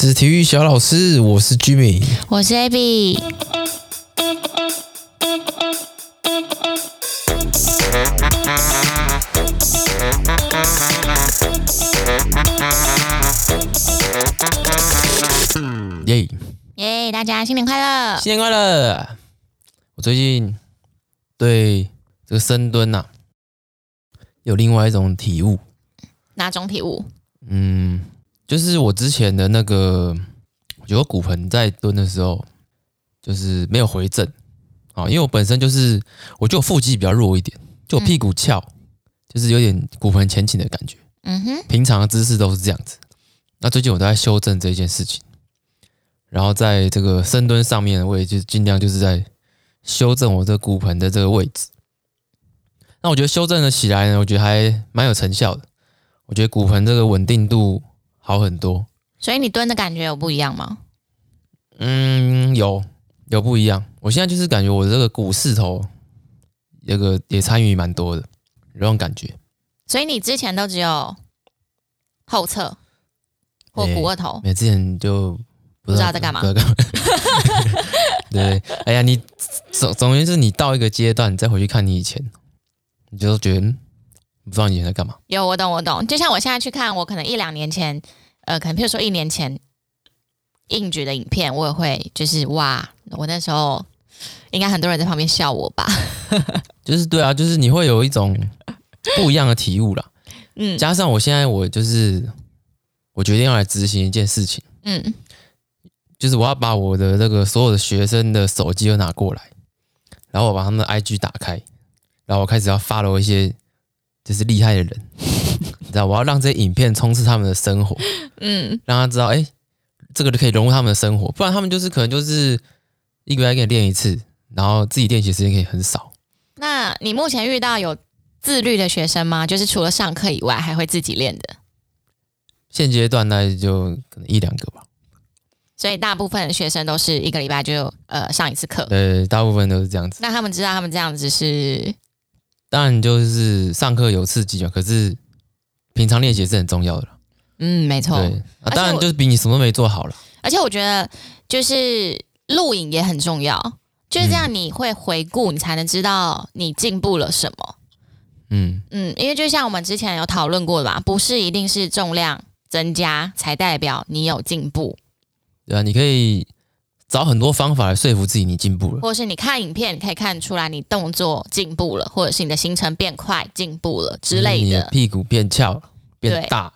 我是體育小老師，我是 Jimmy，我是 Abby。耶耶，大家新年快樂！新年快樂！我最近對這個深蹲吶、啊，有另外一種體悟。哪種體悟？嗯。就是我之前的那個，我覺得我骨盆在蹲的時候就是沒有回正啊，因為我本身就是，我就我腹肌比較弱一點，就我屁股翹，就是有點骨盆前傾的感覺。嗯哼，平常的姿勢都是這樣子。那最近我都在修正這件事情，然後在這個深蹲上面的位，我也就儘量就是在修正我這個骨盆的這個位置。那我覺得修正了起來呢，我覺得還蠻有成效的。我覺得骨盆這個穩定度，好很多，所以你蹲的感覺有不一樣嗎？嗯，有，有不一樣。我現在就是感覺我這個股四頭，這個也參與蠻多的，這種感覺。所以你之前都只有後側或股二頭？沒，之前就不知道，不知道在幹嘛。對，哎呀，你總總而言之，你到一個階段，你再回去看你以前，你就覺得，嗯，不知道你以前在幹嘛。有，我懂，我懂。就像我現在去看，我可能一兩年前，呃，可能比如說一年前硬舉的影片，我也會就是哇，我那時候應該很多人在旁邊笑我吧。就是對啊，就是你會有一種不一樣的體悟啦。 嗯，加上我現在我就是我決定要來執行一件事情。嗯，就是我要把我的那個所有的學生的手機都拿過來，然後我把他們的 IG 打開，然後我開始要 follow 一些就是厲害的人。你知道我要讓這些影片充斥他們的生活，嗯，讓他知道，哎、欸，這個就可以融入他們的生活，不然他們就是可能就是一個禮拜給你練一次，然後自己練習時間可以很少。那你目前遇到有自律的學生嗎？就是除了上課以外，還會自己練的？現階段那就可能一兩個吧。所以大部分的學生都是一個禮拜就呃上一次課。呃，大部分都是這樣子。那他們知道他們這樣子是？當然就是上課有刺激啊，可是。平常練習是很重要的，嗯，沒錯、對、啊，當然就是比你什麼都沒做好了。而且，而且我覺得就是錄影也很重要，就是這樣，你會回顧，你才能知道你進步了什麼。嗯嗯，因為就像我們之前有討論過的吧，不是一定是重量增加才代表你有進步，對啊，你可以。找很多方法來說服自己你進步了，或是你看影片你可以看出來你動作進步了，或者是你的行程變快進步了之類的，嗯、你的屁股變翹變大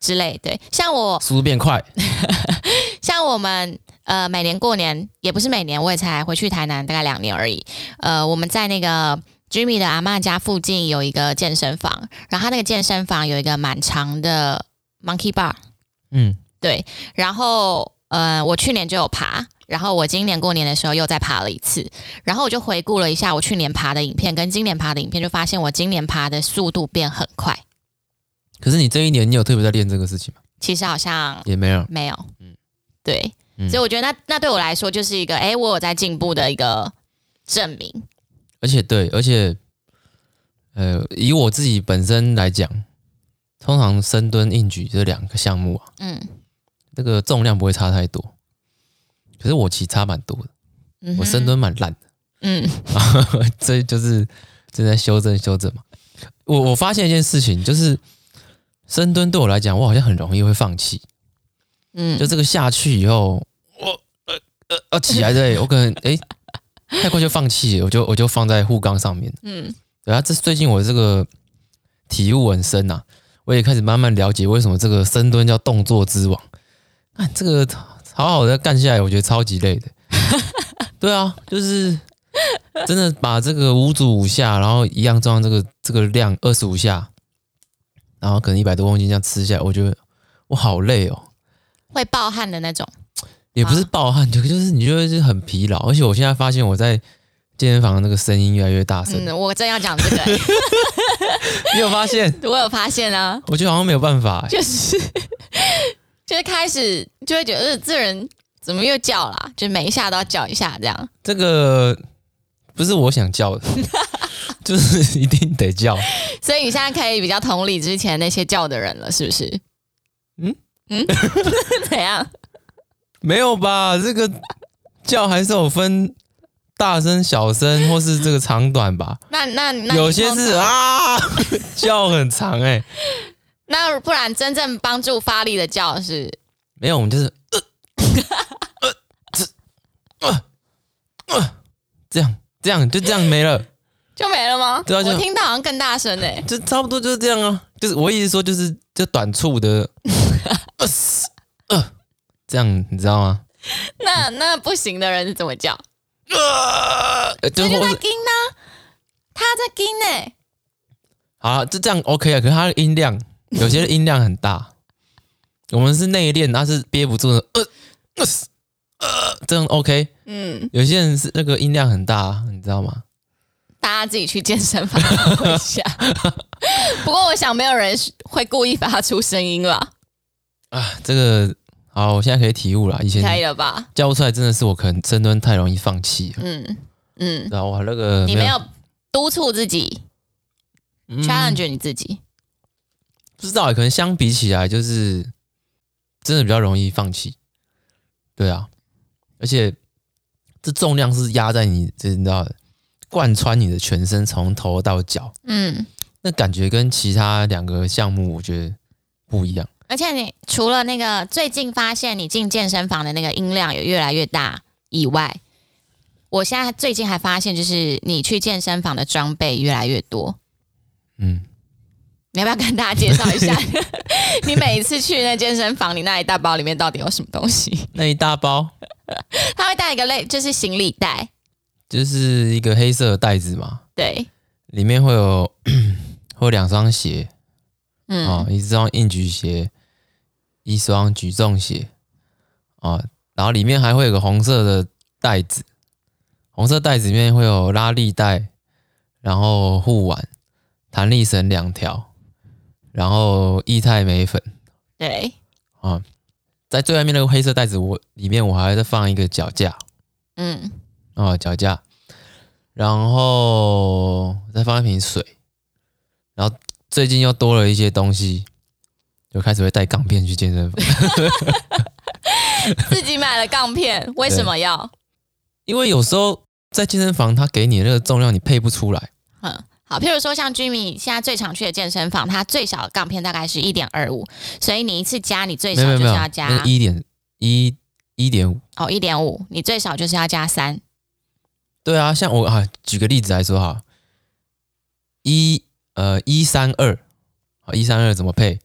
之類的，對，像我速度變快， 像我們呃每年過年也不是每年，我也才回去台南大概兩年而已，呃，我們在那個 Jimmy 的阿媽家附近有一個健身房，然後他那個健身房有一個蠻長的 Monkey Bar，嗯，對，然後。呃、嗯，我去年就有爬，然後我今年過年的時候又再爬了一次，然後我就回顧了一下我去年爬的影片跟今年爬的影片，就發現我今年爬的速度變很快。可是你這一年，你有特別在練這個事情嗎？其實好像沒有，也沒有，沒有，對，嗯，對，所以我覺得那那對我來說就是一個，哎，我有在進步的一個證明。而且對，而且，呃，以我自己本身來講，通常深蹲、硬舉這兩個項目啊，嗯。這個重量不會差太多，可是我其實差蠻多的，mm hmm. 我深蹲蠻爛的，嗯、mm，hmm. 所這就是正在修正修正嘛。我我發現一件事情，就是深蹲對我來講，我好像很容易會放棄，嗯、mm，hmm. 就這個下去以後，我呃呃要、啊、起來對，對，我可能哎、欸、太快就放棄，我就我就放在護槓上面，嗯、mm，hmm. 對啊，這最近我這個體悟很深吶、啊，我也開始慢慢了解為什麼這個深蹲叫動作之王。這個好好的幹下來，我覺得超級累的。 對啊，就是真的把這個五組五下，然後一樣裝這個這個量二十五下，然後可能一百多公斤這樣吃下來，我覺得我好累哦，會暴汗的那種，也不是暴汗，就就是你就是很疲勞。啊、而且我現在發現我在健身房的那個聲音越來越大聲，嗯、我正要講這個、欸， 你有發現？我有發現啊，我覺得好像沒有辦法、欸，就是。 就是開始就會覺得這人怎麼又叫了？就每一下都要叫一下這樣。這個不是我想叫的， 就是一定得叫。所以你現在可以比較同理之前那些叫的人了，是不是？嗯嗯，嗯 怎樣？沒有吧？這個叫還是有分大聲、小聲，或是這個長短吧？那那，那有些是啊，叫很長哎、欸。那不然真正幫助發力的叫是？沒有，我們就是，呃，這、 呃，呃，呃，這樣，這樣，就這樣沒了，就沒了嗎？就我聽到好像更大聲誒、欸，就差不多就是這樣啊，就是我意思說、就是，就是就短促的， 呃，這樣你知道嗎？那那不行的人是怎麼叫？呃，就是他在聽呢、啊，他在聽呢、欸，好，就這樣 OK 啊，可是他的音量。 有些人音量很大，我們是內練，但是憋不住的。呃，呃，這、呃、樣 OK。嗯，有些人是那個音量很大、啊，你知道嗎？大家自己去健身房 一下。 不過我想沒有人會故意發出聲音吧？啊，這個好，我現在可以體悟了。以前可以了吧？教不出來，真的是我可能深蹲太容易放棄、嗯。嗯嗯，然後我那個沒你沒有督促自己，challenge、嗯、你自己。不知道，可能相比起來，就是真的比較容易放棄。對啊，而且這重量是壓在你，這你知道的，貫穿你的全身，從頭到腳。嗯，那感覺跟其他兩個項目我覺得不一樣。而且你除了那個最近發現你進健身房的那個音量也越來越大以外，我現在最近還發現，就是你去健身房的裝備越來越多。嗯。你要不要跟大家介紹一下？ 你每一次去那健身房，你那一大包裡面到底有什麼東西？那一大包， 他會帶一個類，就是行李袋，就是一個黑色的袋子嘛。對。裡面會有， 會有兩雙鞋，嗯，啊，一雙硬舉鞋，一雙舉重鞋，啊，然後裡面還會有個紅色的袋子，紅色袋子裡面會有拉力帶，然後護腕、彈力繩兩條。然後液態鎂粉，對，啊、嗯，在最外面那個黑色袋子我裡面，我還在放一個腳架，嗯，哦、嗯，腳架，然後再放一瓶水，然後最近又多了一些東西，就開始會帶槓片去健身房， 自己買了槓片，為什麼要？因為有時候在健身房他給你的那個重量你配不出來。好，譬如說像居米現在最常去的健身房，它最小的槓片大概是一點二五，所以你一次加，你最少就是要加一點一一點五。哦，一點五，你最少就是要加三。對啊，像我啊，舉個例子來說哈，一呃一三二啊，一三二怎麼配？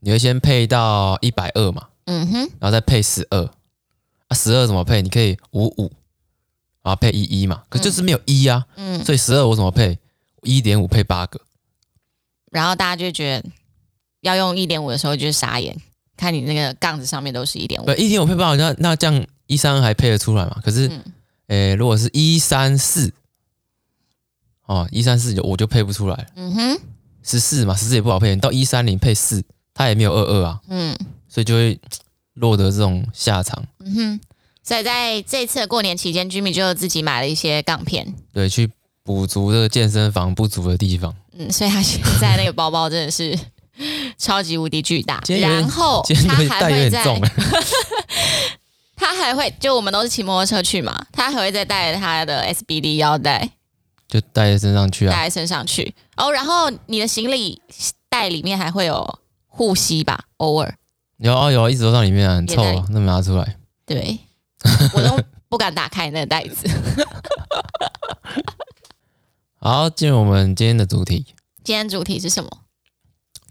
你會先配到一百二嘛？嗯哼，然後再配十二啊，十二怎麼配？你可以五五啊，然後配一一嘛，可是就是沒有一啊，嗯。所以十二我怎麼配？一點五配八個，然後大家就覺得要用一點五的時候就是傻眼，看你那個槓子上面都是一點五，一點五配八個，那那這樣一三還配得出來嗎？可是，哎、嗯欸，如果是一三四，哦，一三四九我就配不出來。嗯哼，十四嘛，十四也不好配。你到一三零配四，它也沒有二二啊。嗯，所以就會落得這種下場。嗯哼，所以在這次的過年期間，Jimmy 就自己買了一些槓片，對，去。補足的健身房不足的地方，嗯，所以他現在那個包包真的是超級無敵巨大， 也然後他還會在 他還會就我們都是騎摩托車去嘛，他還會再帶著他的 SBD 腰帶，就帶在，啊、在身上去，帶在身上去哦，然後你的行李袋裡面還會有護膝吧，偶爾有啊、哦、有，一直都在裡面，啊、很臭，啊，那拿出來，對我都不敢打開那個袋子。 好，進入我們今天的主題。今天主題是什麼？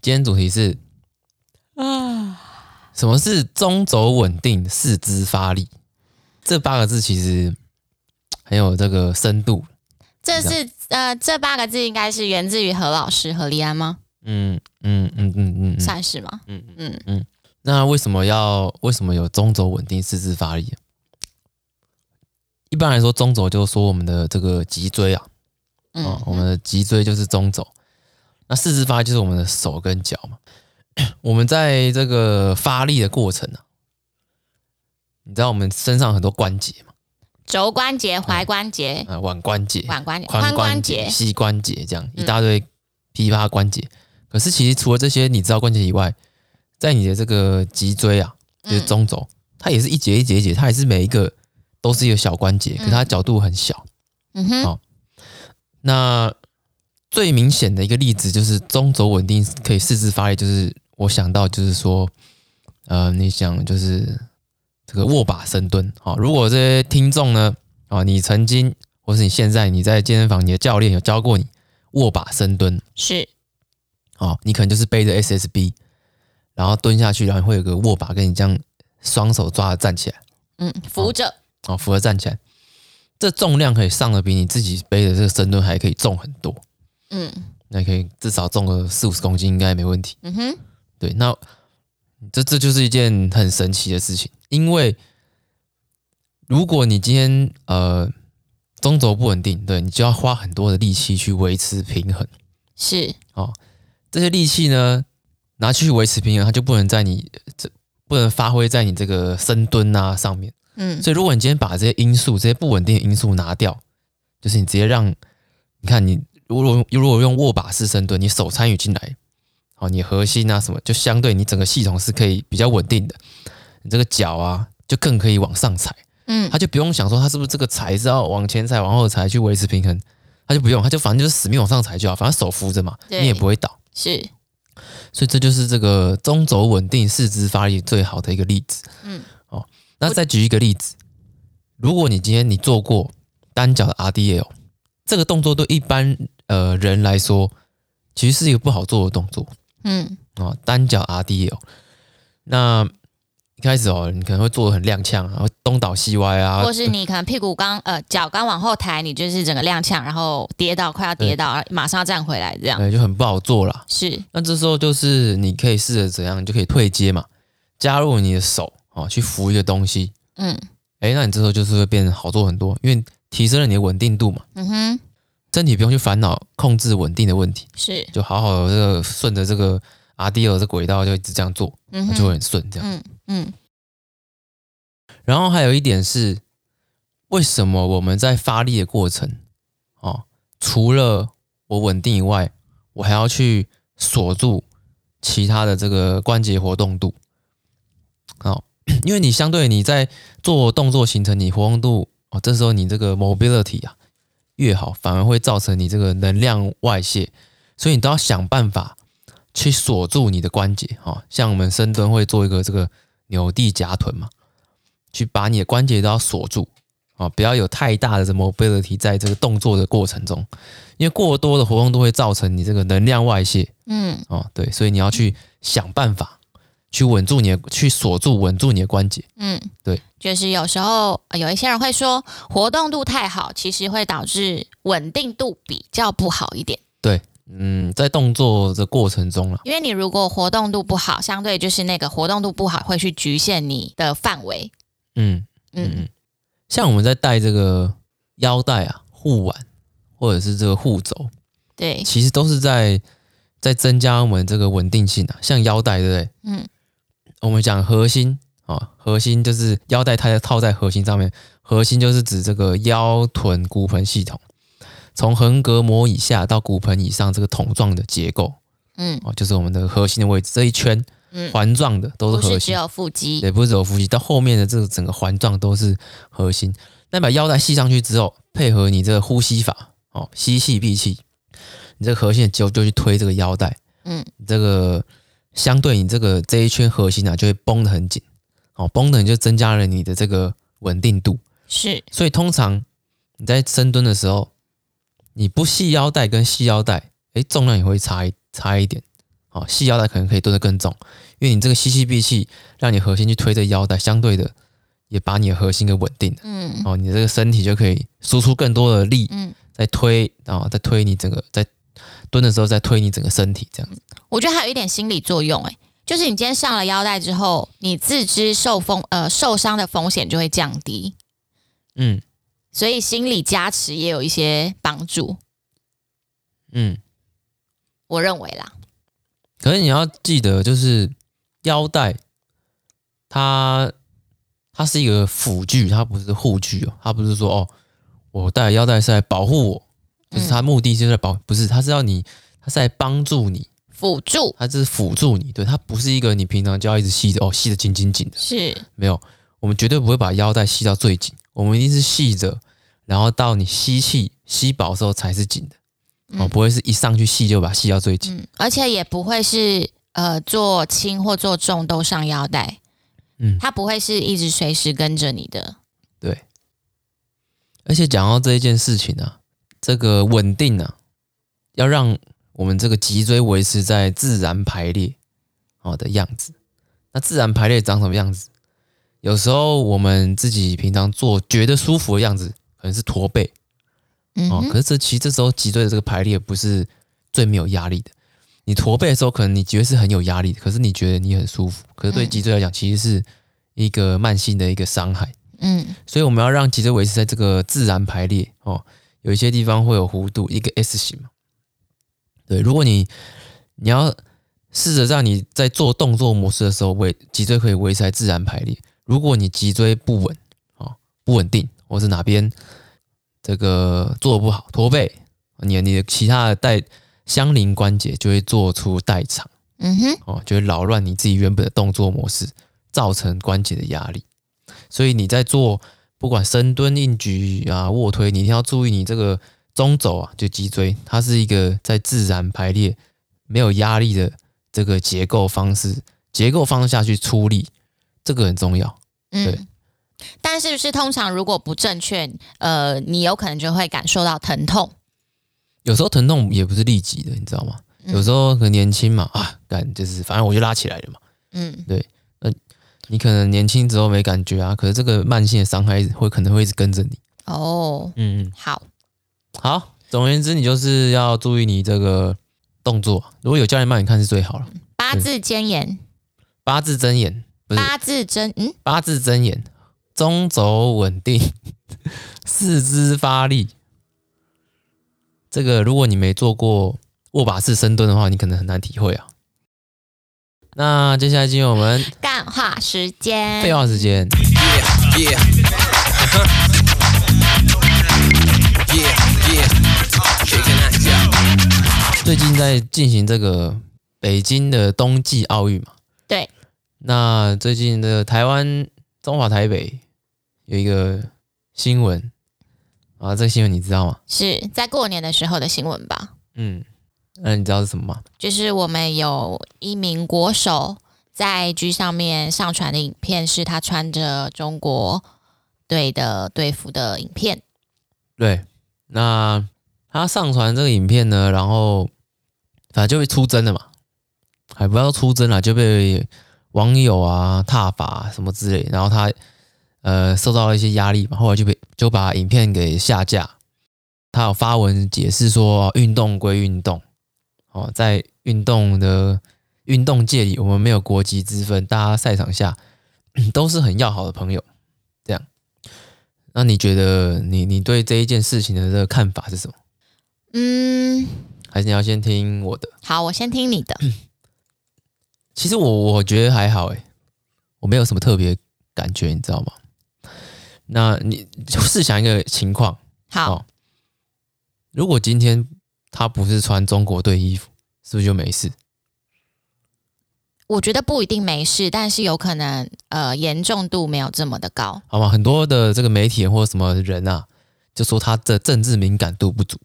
今天主題是啊，什麼是中軸穩定、四肢發力？這八個字其實很有這個深度。是這是呃，這八個字應該是源自於何老師何立安嗎？嗯嗯嗯嗯嗯，嗯嗯嗯嗯嗯算是嗎？嗯嗯嗯那為什麼要為什麼有中軸穩定、四肢發力啊？一般來說，中軸就是說我們的這個脊椎啊。嗯、哦，我們的脊椎就是中軸，那四肢發就是我們的手跟腳嘛。我們在這個發力的過程呢、啊，你知道我們身上很多關節嘛，肘關節、踝關節、嗯、啊，腕關節、腕關節、髖關節、膝關節，關節這樣一大堆琵琶關節。嗯、可是其實除了這些你知道關節以外，在你的這個脊椎啊，就是中軸，它也是一節一節一節，它也是每一個都是一個小關節，可是它角度很小。嗯,嗯哼，好、哦。那最明顯的一個例子就是中軸穩定，可以四肢發力，就是我想到就是說，呃，你想就是這個握把深蹲啊、哦，如果這些聽眾呢啊、哦，你曾經或是你現在你在健身房，你的教練有教過你握把深蹲是，哦，你可能就是背着 SSB，然後蹲下去，然後會有個握把跟你這樣雙手抓着站起來，嗯，扶着哦，扶着站起來。這重量可以上的比你自己背的這個深蹲還可以重很多，嗯，那可以至少重個四五十公斤應該沒問題。嗯哼，對，那這這就是一件很神奇的事情，因為如果你今天呃中軸不穩定，對你就要花很多的力氣去維持平衡。是，哦，這些力氣呢拿去維持平衡，它就不能在你這不能發揮在你這個深蹲啊上面。嗯，所以如果你今天把這些因素、這些不穩定的因素拿掉，就是你直接讓你看你，如果如果用握把式深蹲，你手參與進來，好，你核心啊什麼，就相對你整個系統是可以比較穩定的。你這個腳啊，就更可以往上踩，嗯，他就不用想說他是不是這個踩是要往前踩、往後踩去維持平衡，他就不用，他就反正就是死命往上踩就好，反正手扶着嘛，對你也不會倒。是，所以這就是這個中軸穩定、四肢發力最好的一個例子。嗯。那再舉一個例子，如果你今天你做過單腳的 RDL，這個動作對一般呃人來說，其實是一個不好做的動作。嗯，哦，單腳 RDL，那一開始哦，你可能會做的很踉蹌，然後東倒西歪啊，或是你可能屁股剛呃腳剛往後抬，你就是整個踉蹌，然後跌倒，快要跌倒，對馬上要站回來這樣，對，就很不好做了。是，那這時候就是你可以試着怎樣，你就可以退階嘛，加入你的手。哦，去扶一個東西，嗯，哎，那你這時候就是會變得好做很多，因為提升了你的穩定度嘛，嗯哼，身體不用去煩惱控制穩定的問題，是，就好好的這個順着這個 RDL 的軌道就一直這樣做，嗯哼就會很順這樣，嗯嗯，嗯然後還有一點是，為什麼我們在發力的過程，哦，除了我穩定以外，我還要去鎖住其他的這個關節活動度，哦。因為你相對你在做動作形成你活動度哦，這時候你這個 mobility 啊越好，反而會造成你這個能量外泄，所以你都要想辦法去鎖住你的關節哦。像我們深蹲，會做一個這個扭地夾臀嘛，去把你的關節都要鎖住哦，不要有太大的 mobility 在這個動作的過程中，因為過多的活動度會造成你這個能量外泄，嗯，哦對，所以你要去想辦法。去穩住你的，去鎖住、穩住你的關節。嗯，對，就是有時候有一些人會說活動度太好，其實會導致穩定度比較不好一點。對，嗯，在動作的過程中了、啊，因為你如果活動度不好，相對就是那個活動度不好會去局限你的範圍。嗯嗯嗯，嗯像我們在帶這個腰帶啊、護腕或者是這個護肘，對，其實都是在在增加我們這個穩定性啊。像腰帶，對不對？嗯。我們講核心啊、哦，核心就是腰帶，它要套在核心上面。核心就是指這個腰臀骨盆系統，從橫隔膜以下到骨盆以上這個桶狀的結構，嗯，哦，就是我們的核心的位置，這一圈環狀的都是核心，嗯、不是只有腹肌，對，不是只有腹肌，到後面的這個整個環狀都是核心。那把腰帶繫上去之後，配合你這個呼吸法，哦，吸氣閉氣，你這個核心就就去推這個腰帶，嗯，這個。相對你這個這一圈核心啊，就會繃得很緊，哦，繃的你就增加了你的這個穩定度，是。所以通常你在深蹲的時候，你不繫腰帶跟繫腰帶，哎，重量也會差一差一點，哦，繫腰帶可能可以蹲得更重，因為你這個吸氣閉氣，讓你核心去推着腰帶，相對的也把你的核心給穩定，嗯，哦，你這個身體就可以輸出更多的力，嗯，再推啊，哦，再推你整個再。蹲的時候再推你整個身體，這樣子。我覺得還有一點心理作用，欸，哎，就是你今天上了腰帶之後，你自知受風呃受傷的風險就會降低。嗯，所以心理加持也有一些幫助。嗯，我認為啦。可是你要記得，就是腰帶，它它是一個輔具，它不是護具哦，它不是說哦，我帶腰帶是來保護我。就是它目的就是在保，不是它是要你，它是來幫助你輔助，它就是輔助你，對，它不是一個你平常就要一直繫着，哦，繫得緊緊緊的是沒有，我們絕對不會把腰帶繫到最緊，我們一定是繫着，然後到你吸氣吸飽的時候才是緊的，嗯、哦，不會是一上去繫就把它繫到最緊，嗯，而且也不會是呃做輕或做重都上腰帶，嗯，它不會是一直隨時跟着你的，對，而且講到這一件事情啊。這個穩定呢、啊，要讓我們這個脊椎維持在自然排列好的樣子。那自然排列長什麼樣子？有時候我們自己平常坐覺得舒服的樣子，可能是駝背，嗯、哼哦，可是這其實這時候脊椎的這個排列不是最沒有壓力的。你駝背的時候，可能你覺得是很有壓力的，可是你覺得你很舒服，可是對脊椎來講，其實是一個慢性的一個傷害。嗯，所以我們要讓脊椎維持在這個自然排列哦。有一些地方會有弧度，一個 S 型嘛。對，如果你你要試着讓你在做動作模式的時候，維脊椎可以維持在自然排列。如果你脊椎不穩啊，不穩定，或是哪邊這個做得不好，駝背，你你的其他的帶相鄰關節就會做出代償，嗯哼，哦，就會擾亂你自己原本的動作模式，造成關節的壓力。所以你在做。不管深蹲、硬舉啊、臥推，你一定要注意，你這個中軸啊，就脊椎，它是一個在自然排列、沒有壓力的這個結構方式。結構方式下去出力，這個很重要。對。嗯，但是是通常如果不正確，呃，你有可能就會感受到疼痛。有時候疼痛也不是立即的，你知道嗎？有時候很年輕嘛，啊，感就是反正我就拉起來了嘛。嗯。對。呃你可能年輕時候沒感覺啊，可是這個慢性的傷害會可能會一直跟着你哦。嗯、oh, 嗯，好好，總而言之，你就是要注意你這個動作。如果有教練幫你看是最好了。八字箴言，八字箴言，不是，八字箴嗯，八字箴言、嗯，中軸穩定，四肢發力。這個如果你沒做過握把式深蹲的話，你可能很難體會啊。那接下來進入我們乾話時間，廢話時間。最近在進行這個北京的冬季奧運嘛。對。那最近的台灣，中華台北有一個新聞。啊，這個新聞你知道嗎？是在過年的時候的新聞吧。嗯。那你知道是什麼嗎？就是我們有一名國手在 IG 上面上傳的影片，是他穿着中國隊的隊服的影片。對，那他上傳這個影片呢，然後反正就被出征了嘛，還不要出征了就被網友啊、撻伐、啊、什麼之類，然後他呃受到了一些壓力嘛，後來就被就把影片給下架。他有發文解釋說，運動歸運動。哦，在運動的運動界裡，我們沒有國籍之分，大家賽場下都是很要好的朋友。這樣。那你覺得你你對這一件事情的這個看法是什麼？嗯，還是你要先聽我的？好，我先聽你的。其實我我覺得還好、欸，哎，我沒有什麼特別感覺，你知道嗎？那你試想一個情況，好、哦，如果今天。他不是穿中國隊衣服，是不是就沒事？我覺得不一定沒事，但是有可能，呃，嚴重度沒有這麼的高。好吧，很多的這個媒體或什麼人啊，就說他的政治敏感度不足。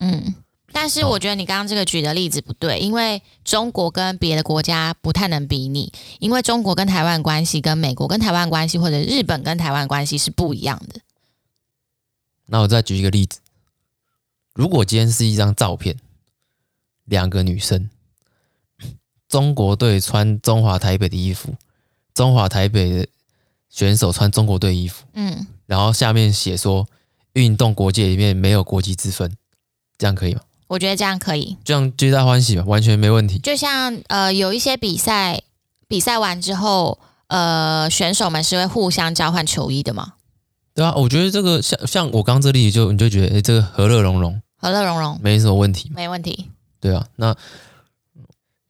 嗯，但是我覺得你剛剛這個舉的例子不對，哦、因為中國跟別的國家不太能比擬，因為中國跟台灣關係、跟美國跟台灣關係或者日本跟台灣關係是不一樣的。那我再舉一個例子。如果今天是一張照片，兩個女生，中國隊穿中華台北的衣服，中華台北的選手穿中國隊衣服，嗯，然後下面寫說“運動國界裡面沒有國籍之分”，這樣可以嗎？我覺得這樣可以，這樣皆大歡喜吧，完全沒問題。就像呃，有一些比賽比賽完之後，呃，選手們是會互相交換球衣的嗎？對啊，我覺得這個像像我剛剛這例子就，就你就覺得，欸，這個和樂融融。和樂融融，沒什麼問題，沒問題。對啊，那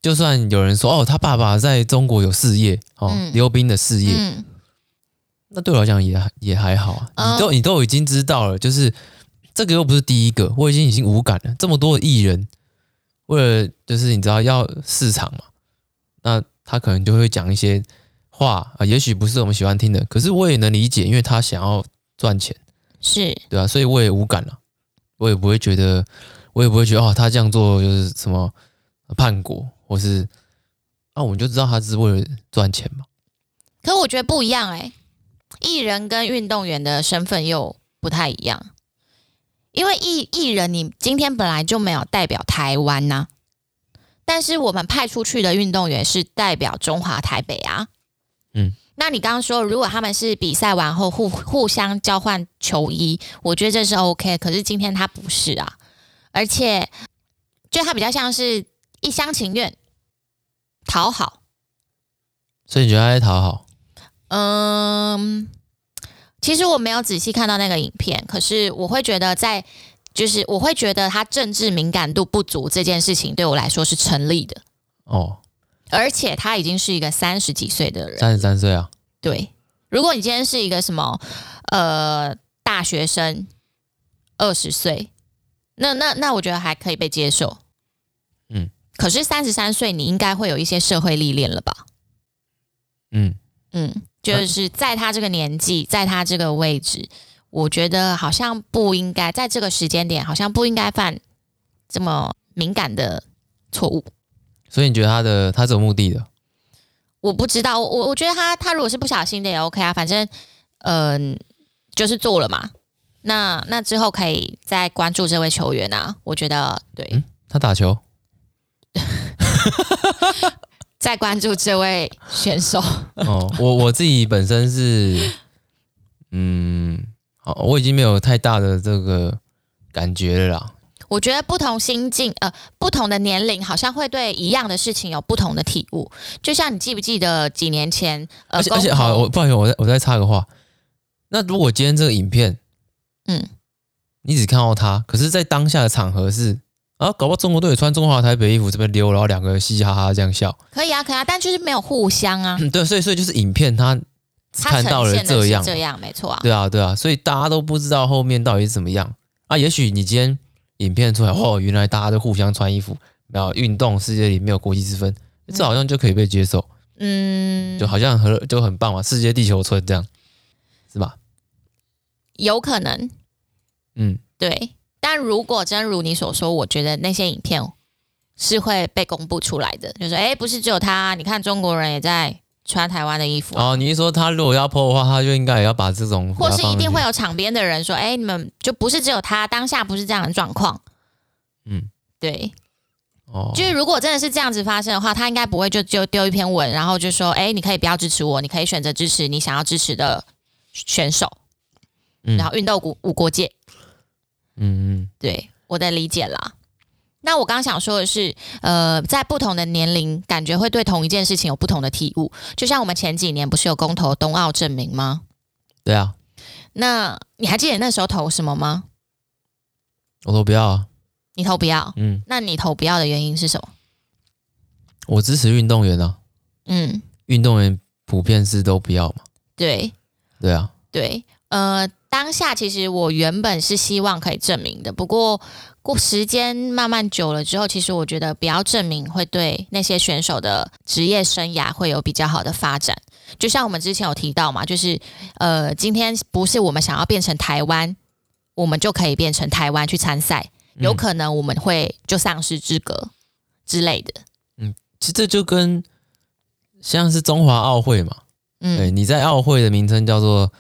就算有人說哦，他爸爸在中國有事業，嗯、哦，溜冰的事業，嗯、那對我來講也也還好啊。哦、你都你都已經知道了，就是這個又不是第一個，我已經已經無感了。這麼多的藝人，為了就是你知道要市場嘛，那他可能就會講一些話啊、呃，也許不是我們喜歡聽的，可是我也能理解，因為他想要賺錢，是，對啊，所以我也無感了。我也不會覺得，我也不會覺得，哦，他這樣做就是什麼叛國，或是啊，我們就知道他是為了賺錢嘛。可我覺得不一樣哎，藝人跟運動員的身份又不太一樣，因為藝藝人你今天本來就沒有代表台灣吶，但是我們派出去的運動員是代表中華台北啊，嗯。那你剛剛說，如果他們是比賽完後互互相交換球衣，我覺得這是 OK。可是今天他不是啊，而且就他比較像是一廂情願討好，所以你覺得他在討好？嗯，其實我沒有仔細看到那個影片，可是我會覺得在就是我會覺得他政治敏感度不足這件事情對我來說是成立的哦。而且他已經是一個三十幾歲的人，三十三歲啊。對，如果你今天是一個什麼呃大學生，二十歲，那那那我覺得還可以被接受。嗯，可是三十三歲，你應該會有一些社會歷練了吧？嗯嗯，就是在他這個年紀，在他這個位置，我覺得好像不應該在這個時間點，好像不應該犯這麼敏感的錯誤。所以你覺得他的，他是有目的的？我不知道，我我覺得他他如果是不小心的也 OK 啊，反正嗯、呃，就是做了嘛。那那之後可以再關注這位球員啊，我覺得對、嗯。他打球？ 再關注這位選手？ 哦，我我自己本身是，嗯，好，我已經沒有太大的這個感覺了啦。我覺得不同心境，呃，不同的年齡，好像會對一樣的事情有不同的體悟。就像你記不記得幾年前，呃、而且而且，好，我不好意思，我再我再插個話。那如果今天這個影片，嗯，你只看到他，可是，在當下的場合是，啊，搞不好中國隊有穿中華台北衣服這邊溜，然後兩個嘻嘻哈哈這樣笑，可以啊，可以啊，但就是沒有互相啊。嗯、對，所以所以就是影片他看到了這樣這樣，沒錯、啊，對啊對啊，所以大家都不知道後面到底是怎麼樣啊。也許你今天。影片出來，哦，原來大家都互相穿衣服，然後運動世界裡沒有國籍之分，嗯、這好像就可以被接受，嗯，就好像很就很棒嘛，世界地球村這樣，是吧？有可能，嗯，對。但如果真如你所說，我覺得那些影片是會被公布出來的，就是說，誒、欸、不是只有他，你看中國人也在。穿台灣的衣服、啊、哦，你是說他如果要 PO 的話，他就應該也要把這種，或是一定會有場邊的人說，哎、欸，你們就不是只有他，當下不是這樣的狀況，嗯，對，哦，就是如果真的是這樣子發生的話，他應該不會就就丟一篇文，然後就說，哎、欸，你可以不要支持我，你可以選擇支持你想要支持的選手，嗯、然後運動無國界，嗯，對，我的理解啦。那我剛想說的是，呃，在不同的年齡，感覺會對同一件事情有不同的體悟。就像我們前幾年不是有公投冬奧正名嗎？對啊。那你還記得那時候投什麼嗎？我投不要啊。你投不要？嗯。那你投不要的原因是什麼？我支持運動員呢、啊。嗯。運動員普遍是都不要嘛。對。對啊。對，呃，當下其實我原本是希望可以正名的，不過。過時間慢慢久了之後，其實我覺得比較證明會對那些選手的職業生涯會有比較好的發展。就像我們之前有提到嘛，就是呃，今天不是我們想要變成台灣，我們就可以變成台灣去參賽，有可能我們會就喪失資格之類的。嗯，其實這就跟像是中華奧會嘛，嗯，對、欸，你在奧會的名稱叫做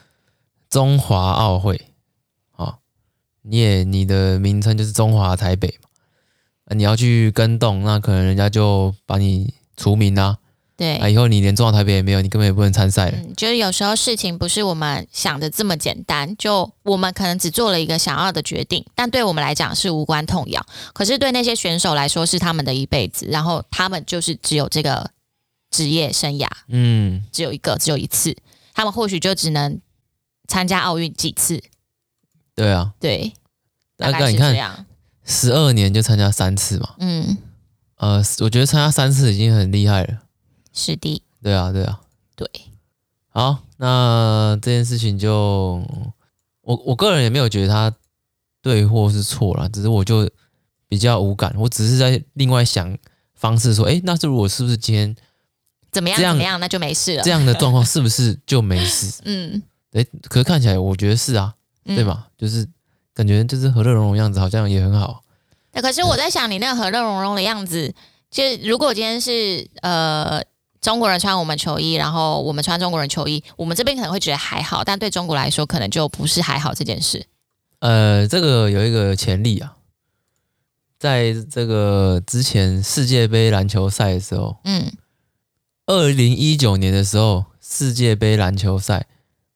中華奧會。你也你的名稱就是中華台北嘛，啊，你要去跟動，那可能人家就把你除名啦啊。對啊，以後你連中華台北也沒有，你根本也不能參賽了。嗯，就是有時候事情不是我們想的這麼簡單，就我們可能只做了一個想要的決定，但對我們來講是無關痛癢，可是對那些選手來說是他們的一輩子，然後他們就是只有這個職業生涯，嗯，只有一個，只有一次，他們或許就只能參加奧運幾次。對啊，對，大哥，你看，十二年就參加三次嘛。嗯，呃，我覺得參加三次已經很厲害了，是的。對啊，對啊，對。好，那這件事情就我我個人也沒有覺得他對或是錯啦，只是我就比較無感。我只是在另外想方式說，誒，那是如果是不是今天怎麼樣，怎麼樣，怎麼樣，那就沒事了。這樣的狀況是不是就沒事？嗯，誒，可是看起來我覺得是啊。對吧，嗯、就是感覺就是和樂融融樣子，好像也很好。那可是我在想，你那和樂融融的樣子，對就如果今天是呃中國人穿我們球衣，然後我們穿中國人球衣，我們這邊可能會覺得還好，但對中國來說，可能就不是還好這件事。呃，這個有一個前例啊，在這個之前世界杯籃球賽的時候，嗯，二零一九年的時候世界杯籃球賽。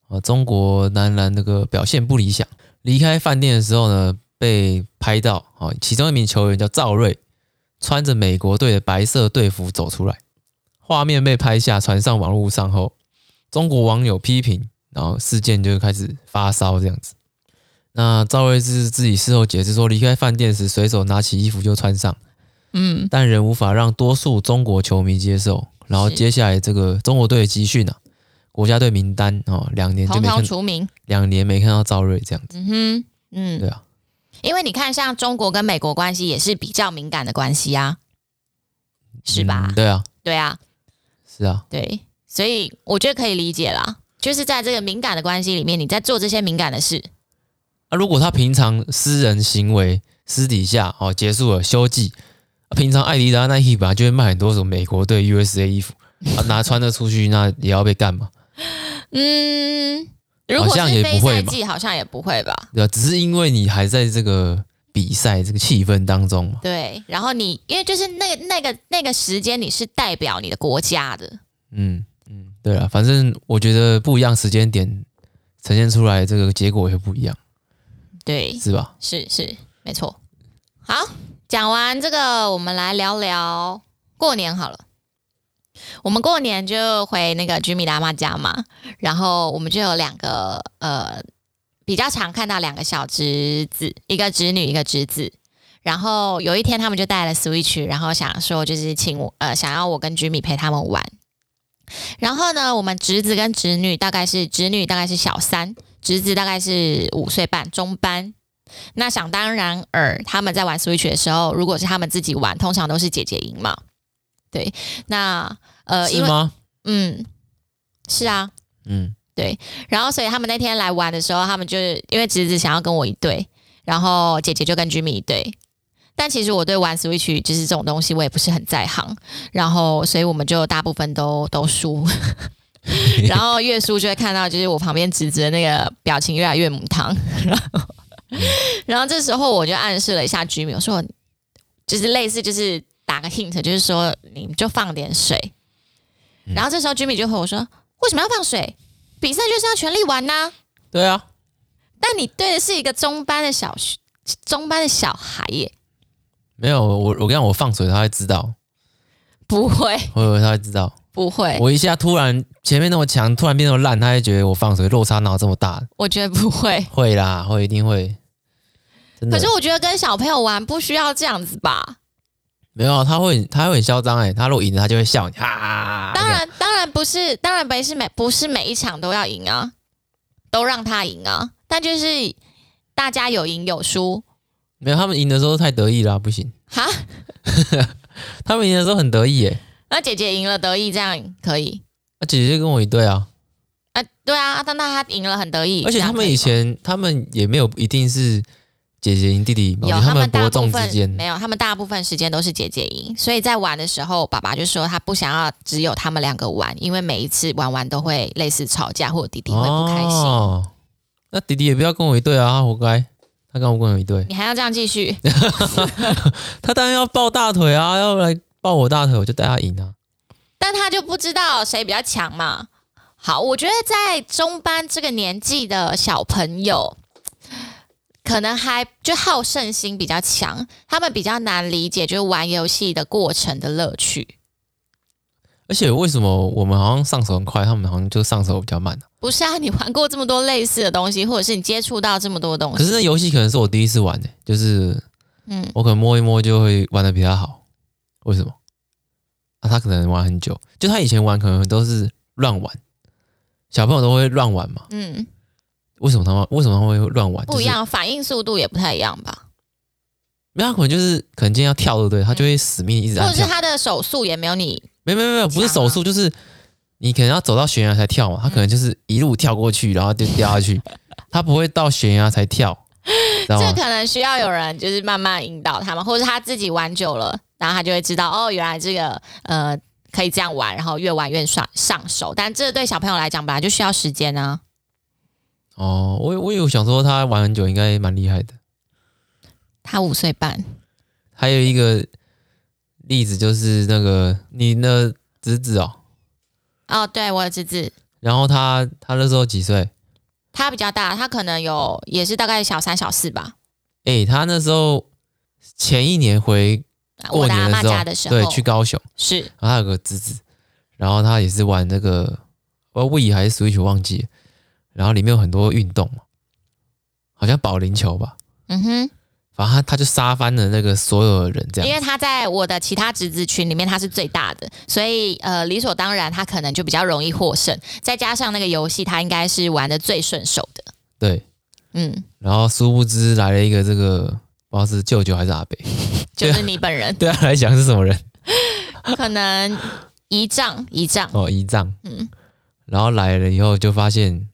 啊！中國男籃那個表現不理想，離開飯店的時候呢，被拍到。啊，其中一名球員叫趙睿，穿着美國隊的白色隊服走出來，畫面被拍下，傳上網絡上後，中國網友批評，然後事件就開始發燒這樣子。那趙睿是自己事後解釋說，離開飯店時隨手拿起衣服就穿上，嗯，但仍無法讓多數中國球迷接受。然後接下來這個中國隊的集訓呢、啊？國家隊名單哦，兩年就沒有除名，兩年沒看到趙瑞這樣子。嗯哼，嗯，對啊，因為你看，像中國跟美國關係也是比較敏感的關係呀、啊，是吧？對啊、嗯，對啊，對啊是啊，對，所以我覺得可以理解啦，就是在這個敏感的關係裡面，你在做這些敏感的事。啊、如果他平常私人行為私底下哦結束了休季、啊，平常愛迪達那本來就會賣很多種美國隊 U S A 衣服啊，拿穿的出去那也要被幹嘛？ 嗯，好像也不會，好像也不會吧。對，只是因為你還在這個比賽這個氣氛當中，對。然後你因為就是那個、那個那個時間你是代表你的國家的，嗯嗯，對啊，反正我覺得不一樣時間點呈現出來這個結果也會不一樣，對，是吧？是是沒錯。好，講完這個，我們來聊聊過年好了。我們過年就回那個居米阿嬤家嘛，然後我們就有兩個呃，比較常看到兩個小侄子，一個侄女，一個侄子。然後有一天他們就帶了 Switch，然後想說就是請我呃，想要我跟居米陪他們玩。然後呢，我們侄子跟侄女大概是侄女大概是小三，侄子大概是五歲半中班。那想當然耳，他們在玩 Switch 的時候，如果是他們自己玩，通常都是姐姐贏嘛。對，那。呃，是嗎？因為嗯，是啊，嗯，對，然後所以他們那天來玩的時候，他們就是因為侄子想要跟我一隊，然後姐姐就跟 Jimmy 一隊，但其實我對玩 Switch 就是這種東西我也不是很在行，然後所以我們就大部分都都輸， 然後越輸就會看到就是我旁邊侄子的那個表情越來越母湯，然後然後這時候我就暗示了一下 Jimmy，我說我就是類似就是打個 hint，就是說你就放點水。嗯、然後這時候 Jimmy 就和我說：“為什麼要放水？比賽就是要全力玩吶、啊。”“對啊。”“但你對的是一個中班的小學中班的小孩耶。”“沒有，我我跟你講，我放水，他會知道。”“不會。”“我以為他會知道。”“不會。”“我一下突然前面那麼強，突然變那麼爛，他就覺得我放水，落差哪有這麼大？”“我覺得不會。”“會啦，會一定會。真的。”“可是我覺得跟小朋友玩不需要這樣子吧？”沒有、啊，他會，他會很囂張哎、欸，他如果贏了，他就會笑你啊。當然，當然不是，當然不是每不是每一場都要贏啊，都讓他贏啊，但就是大家有贏有輸。沒有，他們贏的時候太得意了、啊，不行。啊哈？ 他們贏的時候很得意哎、欸。那姐姐贏了得意，這樣可以？那、啊、姐姐就跟我一對啊。啊，對啊，但那他贏了很得意，而且他們以前以他們也沒有一定是。姐姐贏弟、弟弟，有他們、動他們大之間沒有，他們大部分時間都是姐姐贏，所以在玩的時候，爸爸就說他不想要只有他們兩個玩，因為每一次玩完都會類似吵架，或者弟弟會不開心。哦。那弟弟也不要跟我一隊啊，活該，他跟我跟我一隊。你還要這樣繼續？ 他當然要抱大腿啊，要來抱我大腿，我就帶他贏啊。但他就不知道誰比較強嘛。好，我覺得在中班這個年紀的小朋友。可能還就好勝心比較強，他們比較難理解，就是玩遊戲的過程的樂趣。而且為什麼我們好像上手很快，他們好像就上手比較慢啊？不是啊，你玩過這麼多類似的東西，或者是你接觸到這麼多東西，可是那遊戲可能是我第一次玩的，欸，就是嗯，我可能摸一摸就會玩得比較好，為什麼？啊，他可能玩很久，就他以前玩可能都是亂玩，小朋友都會亂玩嘛，嗯。為什麼他為什麼他會亂玩？就是、不一樣，反應速度也不太一樣吧？沒有，他可能就是可能今天要跳的對，對他就會死命一直按跳，或者是他的手速也沒有你、啊沒有。沒有沒有沒有，不是手速，就是你可能要走到懸崖才跳嘛，他可能就是一路跳過去，然後就掉下去， 他不會到懸崖才跳。 這可能需要有人就是慢慢引導他嘛，或者他自己玩久了，然後他就會知道哦，原來這個呃可以這樣玩，然後越玩越上上手。但這對小朋友來講，本來就需要時間呢、啊。哦，我我有想說他玩很久應該蠻厲害的。他五歲半。還有一個例子就是那個你的侄子哦。哦，對，我的侄子。然後他他那時候幾歲？他比較大，他可能有也是大概小三小四吧。誒、欸，他那時候前一年回過年的時候，時候對，去高雄。是。然後他有個侄子，然後他也是玩那個我有 Wii 還是 Switch，我忘記了。然後裡面有很多運動，好像保齡球吧。嗯哼，反正他，他就殺翻了那個所有的人，這樣子。因為他在我的其他侄子群裡面，他是最大的，所以呃，理所當然他可能就比較容易獲勝。再加上那個遊戲，他應該是玩得最順手的。對，嗯。然後殊不知來了一個這個，不知道是舅舅還是阿北，就是你本人。 對他、啊啊、來講是什麼人？可能姨丈，姨丈。哦，姨丈，嗯。然後來了以後就發現。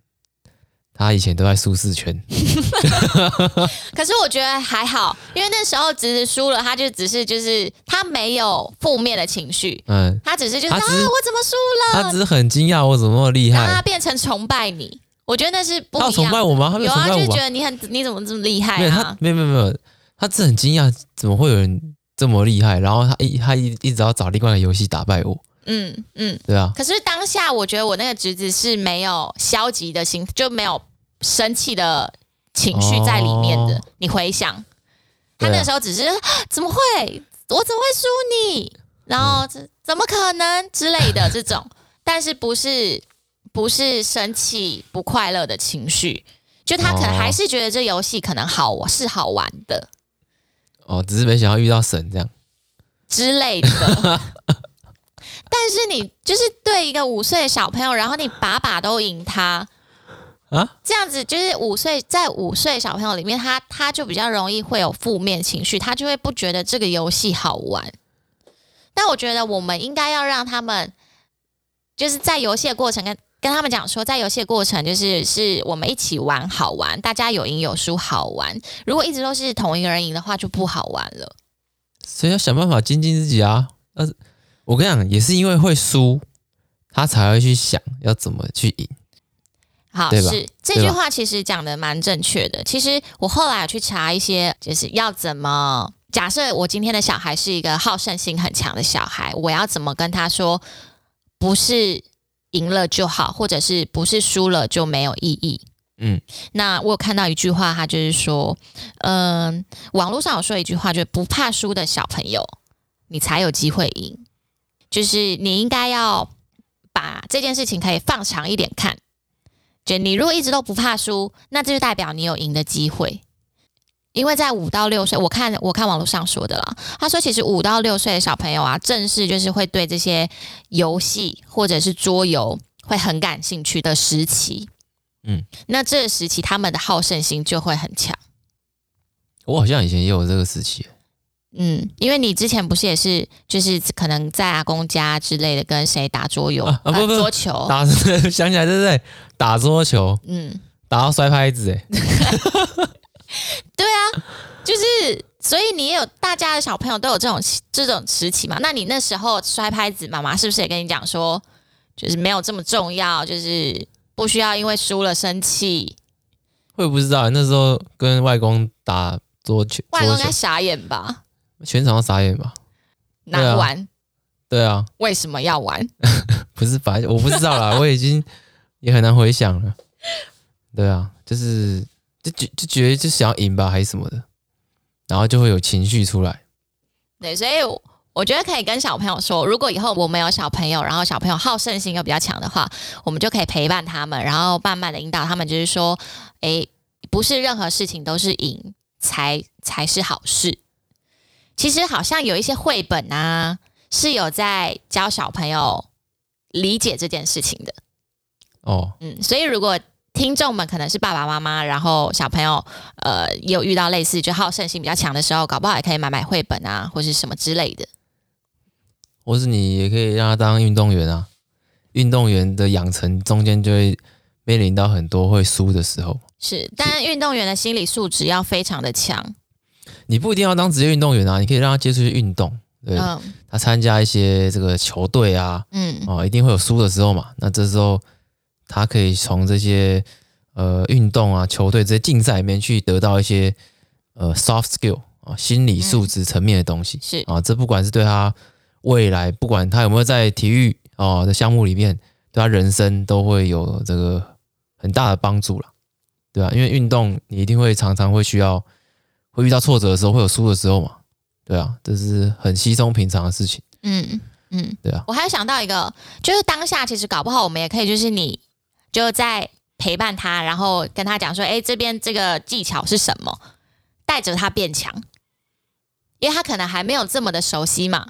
他以前都在舒適圈， 可是我覺得還好，因為那時候侄子輸了，他就只是就是他沒有負面的情緒，嗯，他只是就是，是啊，我怎麼輸了？他只是很驚訝，我怎麼那麼厲害？他變成崇拜你，我覺得那是不一樣的，他有崇拜我嗎？他沒有崇拜我嗎？有、啊就是、覺得你很你怎麼這麼厲害、啊？沒有，他沒有沒有，他是很驚訝怎麼會有人這麼厲害？然後他一他一一直要找另外的遊戲打敗我，嗯嗯，嗯對啊。可是當下我覺得我那個侄子，子是沒有消極的心，就沒有。生氣的情緒在裡面的，oh, 你回想對、啊、他那個時候只是、啊、怎麼會，我怎麼會輸你，然後對怎麼可能之類的這種，但是不是不是生氣不快樂的情緒，就他可能還是覺得這遊戲可能好、oh. 是好玩的。哦，oh, 只是沒想到遇到神這樣之類的。 但是你就是對一個五歲的小朋友，然後你把把都贏他。啊，這樣子就是五歲，在五歲小朋友裡面他，他他就比較容易會有負面情緒，他就會不覺得這個遊戲好玩。但我覺得我們應該要讓他們就是在遊戲的過程跟跟他們講說，在遊戲的過程就是是我們一起玩好玩，大家有贏有輸好玩。如果一直都是同一個人贏的話，就不好玩了。所以要想辦法精進自己啊！呃，我跟你講，也是因為會輸，他才會去想要怎麼去贏。好，吧是這句話其實講的蠻正確的。吧其實我後來有去查一些，就是要怎麼假設我今天的小孩是一個好勝心很強的小孩，我要怎麼跟他說？不是贏了就好，或者是不是輸了就沒有意義？嗯，那我有看到一句話，他就是說，嗯，網絡上有說一句話，就是不怕輸的小朋友，你才有機會贏。就是你應該要把這件事情可以放長一點看。就你如果一直都不怕輸，那這就代表你有贏的機會，因為在五到六歲，我看我看網絡上說的了，他說其實五到六歲的小朋友啊，正是就是會對這些遊戲或者是桌遊會很感興趣的時期，嗯，那這個時期他們的好勝心就會很強。我好像以前也有這個時期。嗯，因為你之前不是也是，就是可能在阿公家之類的，跟誰打桌遊、欸，打桌球，打，想起來對不對？打桌球，嗯，打到摔拍子、欸，哎， 對啊，就是，所以你也有大家的小朋友都有這種這種時期嘛？那你那時候摔拍子，媽媽是不是也跟你講說，就是沒有這麼重要，就是不需要因為輸了生氣？會不知道那時候跟外公打桌、桌球，外公應該傻眼吧？全場都傻眼吧？難玩。對啊，對啊。為什麼要玩？ 不是白，我不知道啦， 我已經也很難回想了。對啊，就是就覺就覺得就想贏吧，還是什麼的，然後就會有情緒出來。對，所以我覺得可以跟小朋友說，如果以後我們有小朋友，然後小朋友好勝心又比較強的話，我們就可以陪伴他們，然後慢慢的引導他們，就是說，哎、欸，不是任何事情都是贏才才是好事。其實好像有一些繪本啊，是有在教小朋友理解這件事情的。哦，嗯，所以如果聽眾們可能是爸爸媽媽，然後小朋友呃有遇到類似就好勝心比較強的時候，搞不好也可以買買繪本啊，或是什麼之類的。或是你也可以讓他當運動員啊，運動員的養成中間就會面臨到很多會輸的時候。是，當然運動員的心理素質要非常的強。你不一定要當職業運動員啊，你可以讓他接觸去運動，對、oh. 他參加一些這個球隊啊，嗯，哦，一定會有輸的時候嘛。那這時候他可以從這些呃運動啊、球隊這些競賽裡面去得到一些呃 soft skill 啊，心理素質層面的東西，嗯、是啊。這不管是對他未來，不管他有沒有在體育啊、呃、的項目裡面，對他人生都會有這個很大的幫助了，對吧、啊？因為運動你一定會常常會需要。會遇到挫折的時候，會有輸的時候嘛？對啊，這是很稀鬆平常的事情。嗯嗯，嗯對啊。我還有想到一個，就是當下其實搞不好我們也可以，就是你就在陪伴他，然後跟他講說：“哎、欸，這邊這個技巧是什麼？”帶着他變強，因為他可能還沒有這麼的熟悉嘛。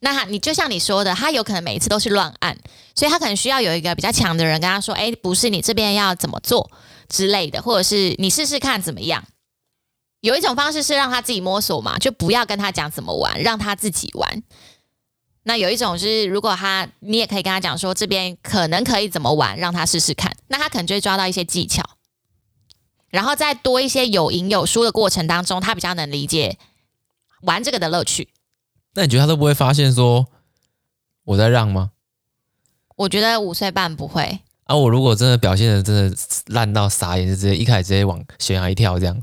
那他，你就像你說的，他有可能每一次都是亂按，所以他可能需要有一個比較強的人跟他說：“哎、欸，不是你這邊要怎麼做之類的，或者是你試試看怎麼樣。”有一種方式是讓他自己摸索嘛，就不要跟他講怎麼玩，讓他自己玩。那有一種是，如果他你也可以跟他講說，這邊可能可以怎麼玩，讓他試試看。那他可能就會抓到一些技巧，然後再多一些有贏有輸的過程當中，他比較能理解玩這個的樂趣。那你覺得他都不會發現說我在讓嗎？我覺得五歲半不會。啊，我如果真的表現得真的爛到傻眼，就直接一開始直接往懸崖一跳這樣。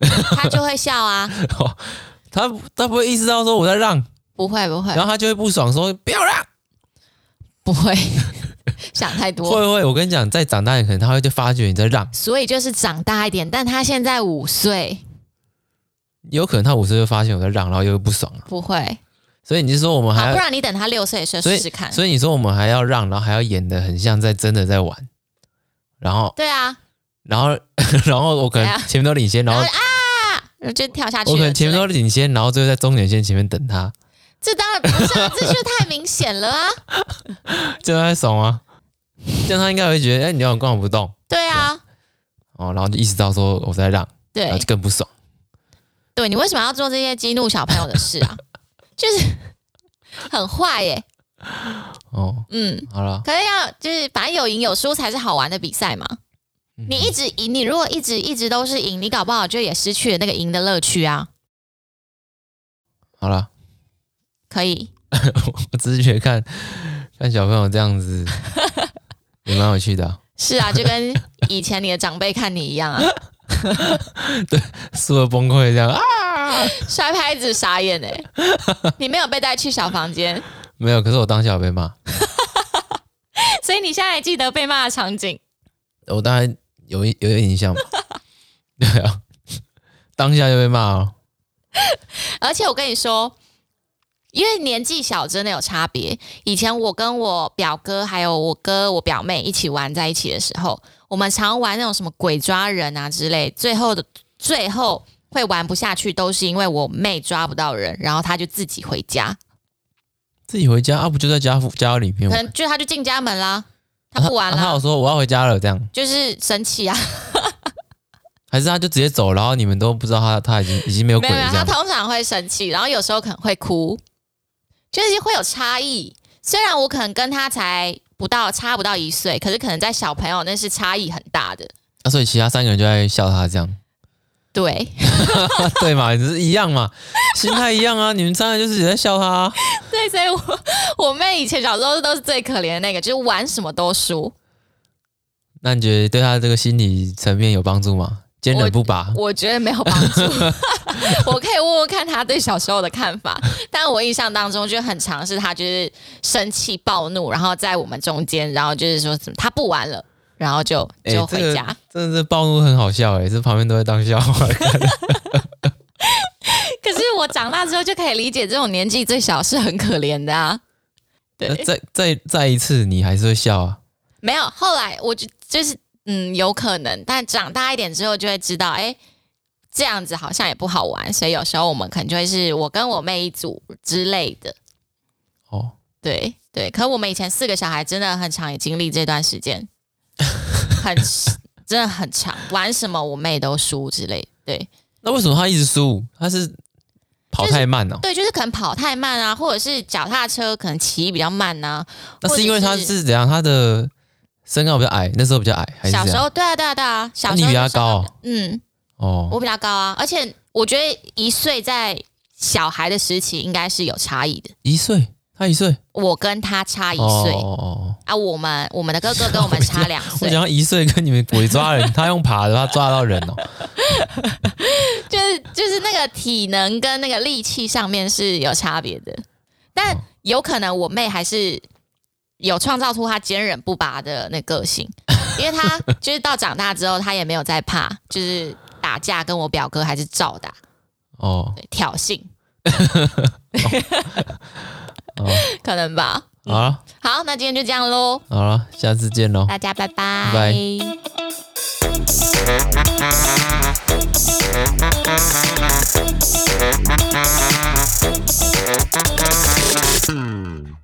他就會笑啊，哦、他他不會意識到說我在讓，不會不會，不會然後他就會不爽說不要讓，不會 想太多。會會，我跟你講，再長大一點，可能他會就發覺你在讓。所以就是長大一點，但他現在五歲，有可能他五歲就發現我在讓，然後又不爽了、啊，不會。所以你是說我們還要，不然你等他六歲的時候試試看所。所以你說我們還要讓，然後還要演得很像在真的在玩，然後對啊。然後，然後我可能前面都領先，然後啊，我就跳下去。我可能前面都領先，然後最後在終點線前面等他。這當然不是，這就太明顯了啊！這樣太慫啊！這樣他應該會覺得，哎，你有點逛不動。對啊。哦，然後就意識到說我在讓，對，然後就更不爽。對你為什麼要做這些激怒小朋友的事啊？就是很壞耶。哦，嗯，好了。可是要就是反正有贏有輸才是好玩的比賽嘛。你一直贏，你如果一直一直都是贏，你搞不好就也失去了那個贏的樂趣啊。好了啦，可以。 我只是覺得看，看小朋友這樣子 也蠻有趣的啊。是啊，就跟以前你的長輩看你一樣啊。 對，輸了崩潰這樣啊，摔拍子傻眼哎、欸。你沒有被帶去小房間？ 沒有，可是我當下有被罵。 所以你現在還記得被罵的場景？我當然。有有點印象， 對啊，當下就被罵了。而且我跟你說，因為年紀小，真的有差別。以前我跟我表哥，還有我哥、我表妹一起玩在一起的時候，我們常玩那種什麼鬼抓人啊之類，最後的最後會玩不下去，都是因為我妹抓不到人，然後她就自己回家，自己回家啊，不就在家家裡面嗎？就她就進家門啦。他不玩了、啊，他有說我要回家了，這樣就是生氣啊， 還是他就直接走，然後你們都不知道他他已經已經沒有鬼了沒了、啊，他通常會生氣，然後有時候可能會哭，就是會有差異。雖然我可能跟他才不到差不到一歲，可是可能在小朋友那是差異很大的。那、啊、所以其他三個人就在笑他這樣。對， 對嘛，也是一樣嘛，心態一樣啊。你們剛才就是也在笑他，啊。對，所以我我妹以前小時候都是最可憐的那個，就是玩什麼都輸。那你覺得對她這個心理層面有幫助嗎？堅韌不拔我，我覺得沒有幫助。 我可以問問看她對小時候的看法。但我印象當中就很常是她就是生氣暴怒，然後在我們中間，然後就是說什麼她不玩了。然後就就回家，真的是暴怒，很好笑哎、欸！這旁邊都會當笑話 可是我長大之後就可以理解這種年紀最小是很可憐的啊。對。再再再一次，你還是會笑啊？沒有，後來我就就是嗯，有可能，但長大一點之後就會知道，哎，這樣子好像也不好玩，所以有時候我們可能就會是我跟我妹一組之類的。哦，對對，可我們以前四個小孩真的很常也經歷這段時間。很真的很強，玩什麼我妹都輸之類。對，那為什麼他一直輸？他是跑太慢了，哦就是？對，就是可能跑太慢啊，或者是腳踏車可能騎比較慢吶，啊。是那是因為他是怎樣？他的身高比較矮，那時候比較矮，小時候對啊對啊對啊，小時候時候你比她高，啊，嗯哦，我比她高啊。而且我覺得一歲在小孩的時期應該是有差異的。一歲。他一歲，我跟他差一歲。哦啊，我們我們的哥哥跟我們差兩歲。我講一歲跟你們鬼抓人， 他用爬的，他抓到人哦。就是就是那個體能跟那個力氣上面是有差別的，但有可能我妹還是有創造出她堅韌不拔的那個個性，因為她就是到長大之後，她也沒有在怕，就是打架跟我表哥還是照打哦，對，挑釁。哦 可能吧。嗯、好啦，好，那今天就這樣嘍。好了，下次見嘍。大家拜拜。拜拜。